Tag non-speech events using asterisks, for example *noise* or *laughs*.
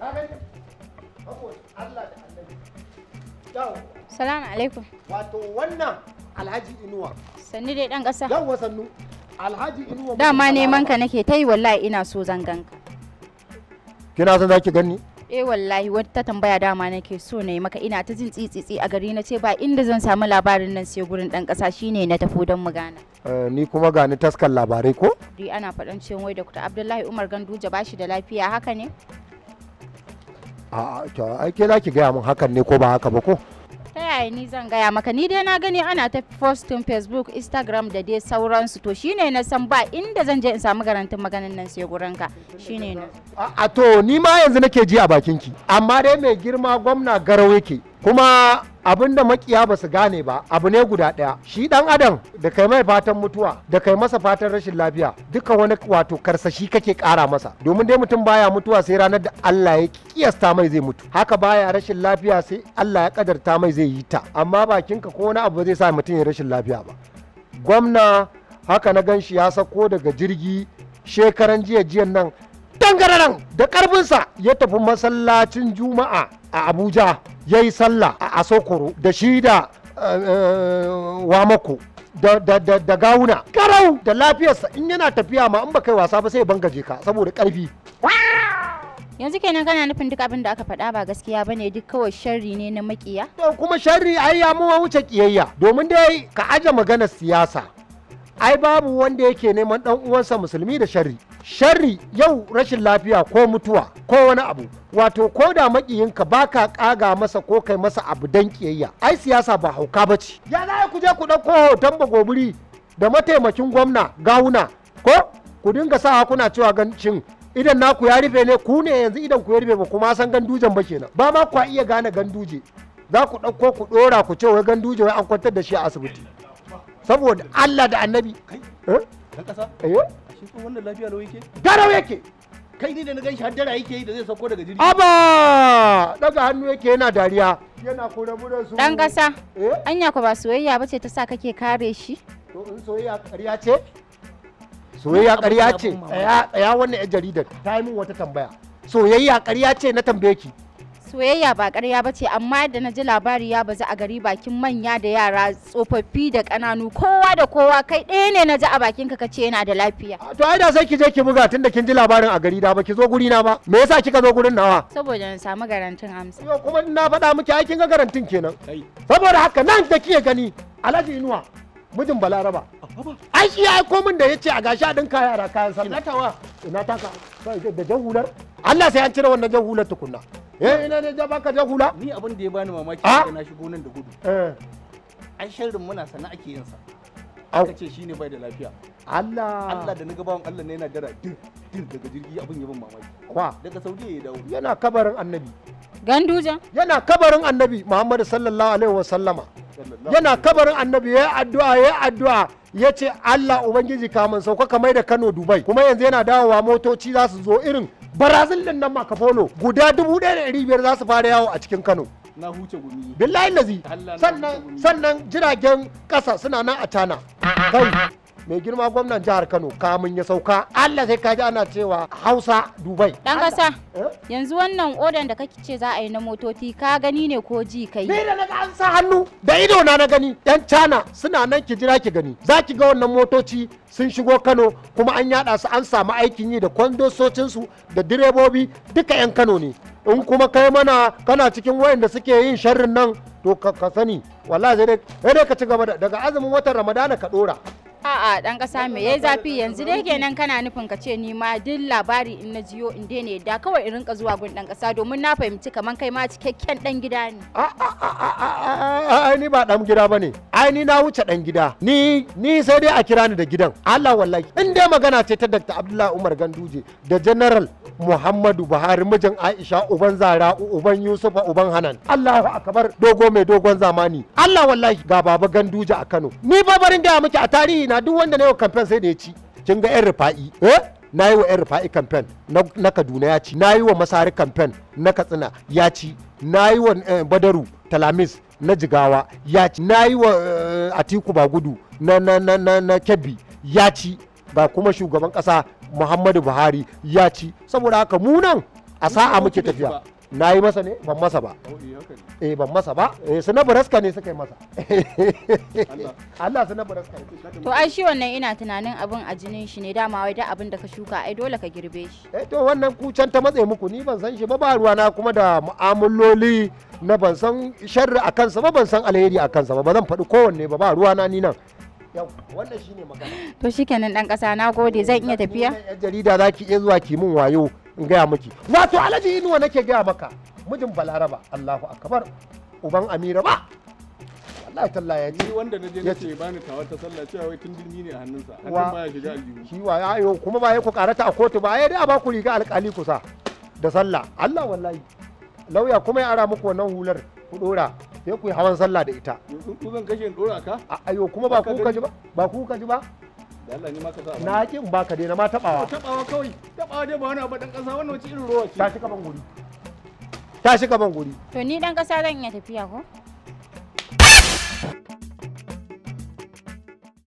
na salamu alaikum wato wannan alhaji inuwa sannu dai dan kasa yawo sannu alhaji inuwa dama neman ka nake ta yi wallahi ina so zan ka. kina son zaki gani eh wallahi wata tambaya dama nake so na yi maka ina ta jin tsitsitsi a gari na ce ba inda zan samu labarin nan sai gurin dan kasa shine na tafi don mu gana eh, ni kuma gani taskan labarai ko dai ana faɗan cewa wai da kuta abdullahi umar ganduja ba shi da lafiya haka ne to ai ke ki gaya mun hakan ne ko ba haka ba ko ta yaya ni zan gaya maka ni dai na gani ana ta postin facebook instagram da dai sauransu to shine na san ba inda zan je in samu garantin maganin nan sai gurin ka shine na a to ni ma yanzu nake ji a bakin ki amma dai mai girma gwamna garau yake kuma abin da makiya ba su gane ba abu ne guda ɗaya shi ɗan adam da kai mai fatan mutuwa da kai masa fatan rashin lafiya duka wani wato karsashi kake kara masa domin dai mutum baya mutuwa sai ranar da Allah ya kiyasta mai zai mutu haka baya rashin lafiya sai Allah ya kadarta mai zai yi ta amma bakin ka ko wani abu zai sa mutum ya rashin lafiya ba gwamna haka na ganshi ya sako daga jirgi shekaran jiya jiyan nan dangararan da karfinsa ya tafi masallacin juma'a a abuja ya yi sallah a sokoro da shi da eh, eh, wamako da gawuna karau da lafiyarsa in yana tafiya ma in ba kai wasa ba sai bangaje ka saboda karfi yanzu kenan kana nufin duk abin da aka faɗa ba gaskiya bane duk kawai sharri ne na makiya kuma sharri ai ya mu wuce kiyayya domin dai ka aje maganar siyasa ai babu wanda yake neman dan uwansa musulmi da sharri sharri yau rashin lafiya ko mutuwa ko wani abu wato ko da makiyinka baka kaga masa ko kai masa abu dan kiyayya ai siyasa ba hauka bace ya za ku je ku dauko hoton bagoburi da mataimakin gwamna gawuna ko ku dinga sa kuna cewa gancin idan naku ya rufe ne ku ne yanzu idan ku ya rufe ba kuma san gandujen ba kenan ba ma ku iya gane ganduje za ku ɗauko ku ɗora ku ce wai ganduje wai an kwantar da shi a asibiti saboda Allah da annabi dan eh? eh? yake kai ne da na haddara yake yi da zai sauko daga jirgi aba daga hannu yake yana dariya dan kasa eh? anya ku ba soyayya bace ta sa kake kare shi to in soyayya ƙarya ce soyayya ƙarya jaridar soyayya ƙarya ce na tambaye ki soyayya ba ƙarya ba ce amma yadda na ji labari ya bazu a gari bakin manya da yara tsofaffi da ƙananu kowa da kowa kai ɗaya ne na ji a bakin ka kace yana da lafiya to ai da sai ki je ki buga tunda kin ji labarin a gari da ba ki zo guri na ba me yasa kika zo gurin nawa saboda na samu garantin amsa yo kuma na faɗa miki ai kin ga garantin kenan saboda haka nan da kike gani Alhaji Inuwa mijin Balaraba ai shi ya aiko min da ya ce a gashi a dinka yara kayan sallah ina tawa ina taka da jan hular Allah sai an cire wannan jan hular tukunna Eh, eh ina ne da baka ja hula ni abin da ya bani mamaki da ah? na shigo nan da gudu eh ai sharrin muna sana ake yin sa aka ce shine bai da lafiya Allah Allah da naga bawon Allah ne yana dara dir dir daga jirgi abin ya ban mamaki kwa daga Saudi ya dawo yana kabarin annabi ganduja yana kabarin annabi Muhammadu sallallahu alaihi wa sallama yana kabarin annabi ya addu'a ya addu'a ya ce Allah ubangiji kamun sauka kamar da Kano Dubai kuma yanzu yana dawowa motoci za su zo irin barazil din nan guda dubu ɗaya da ɗari biyar za su fara yawo a cikin kano na huce gumi billahi lazi sannan jiragen ƙasa suna nan a cana mai girma gwamnan jihar kano kamun ya sauka allah sai ka ji ana cewa hausa dubai dan kasa eh? yanzu wannan odan da kake ce za a yi na motoci ka gani ne ko ji kai ne da naga an sa hannu da ido na na gani yan cana suna nan ki jira ki gani za ki ga wannan motoci sun shigo kano kuma an yada su an samu aikin yi da kwandosocinsu da direbobi duka yan kano ne in kuma kai mana kana cikin wayanda suke yin sharrin nan to ka sani wallahi sai dai ka ci gaba daga azumin watan ramadana ka dora A'a dan kasa me yayi zafi yanzu dai kenan kana nufin ka ce ni ma duk labari in na jiyo in daina yadda kawai in rinka zuwa gun dan kasa domin na fahimci kaman kai ma cikakken dan gida ne. Ai ni ba dan gida bane. Ai ni na wuce dan gida. Ni ni sai dai a kira ni da gidan. Allah wallahi in dai magana ce ta Dr. Abdullahi Umar Ganduje da General Muhammadu Buhari mijin Aisha uban Zara uban Yusufa uban Hanan. Allahu akbar dogo mai dogon zamani. Allah wallahi ga baba Ganduje a Kano. Ni babarin da muke a tarihi na duk wanda na yi wa kamfen sai da ya ci kin ga yan rufa'i eh na yi wa yan rufa'i kamfen na kaduna ya ci na yi wa masari kamfen na katsina ya ci na yi wa eh, badaru talamis na jigawa ya ci na yi wa eh, atiku bagudu na na kebbi ya ci ba kuma shugaban kasa muhammadu buhari ya ci saboda haka munan a sa'a muke tafiya na yi masa ne ban masa ba eh ban masa ba eh suna baraska ne suka yi masa Allah suna *laughs* baraska ne to ai shi wannan ina tunanin abin a jinin shi ne dama wai da abin da ka shuka ai dole ka girbe shi eh to wannan kucan ta matse muku ni ban san shi ba ba ruwa na kuma da mu'amuloli na ban san sharri a sa ba ban san alheri a sa ba ba zan faɗi kowanne ba ba ruwa na ni nan yau wannan shine magana to shikenan dan kasa na gode zan iya tafiya jarida zaki iya zuwa ki mun wayo in gaya miki wato alhaji inuwa nake gaya maka mijin balaraba allahu akbar uban amira ba wallahi talla ya ce wanda na je nace bani tawar ta sallah cewa wai tun dirmi ne a hannunsa ba ya shiga aljihu shi wa ayo kuma ba ya ku karata a kotu ba ai dai a ba ku riga alƙali kusa da sallah Allah wallahi lauya kuma ya ara muku wannan hular ku dora sai ku yi hawan sallah da ita ku zan kashe in dora ka ayo kuma ba ku kaji ba ba ku kaji ba na kin baka dai na ma tabawa tabawa kawai tabawa dai ba wani abu dan kasa wannan wace irin ruwa ce tashi ban guri tashi ban guri to ni dan kasa zan iya tafiya ko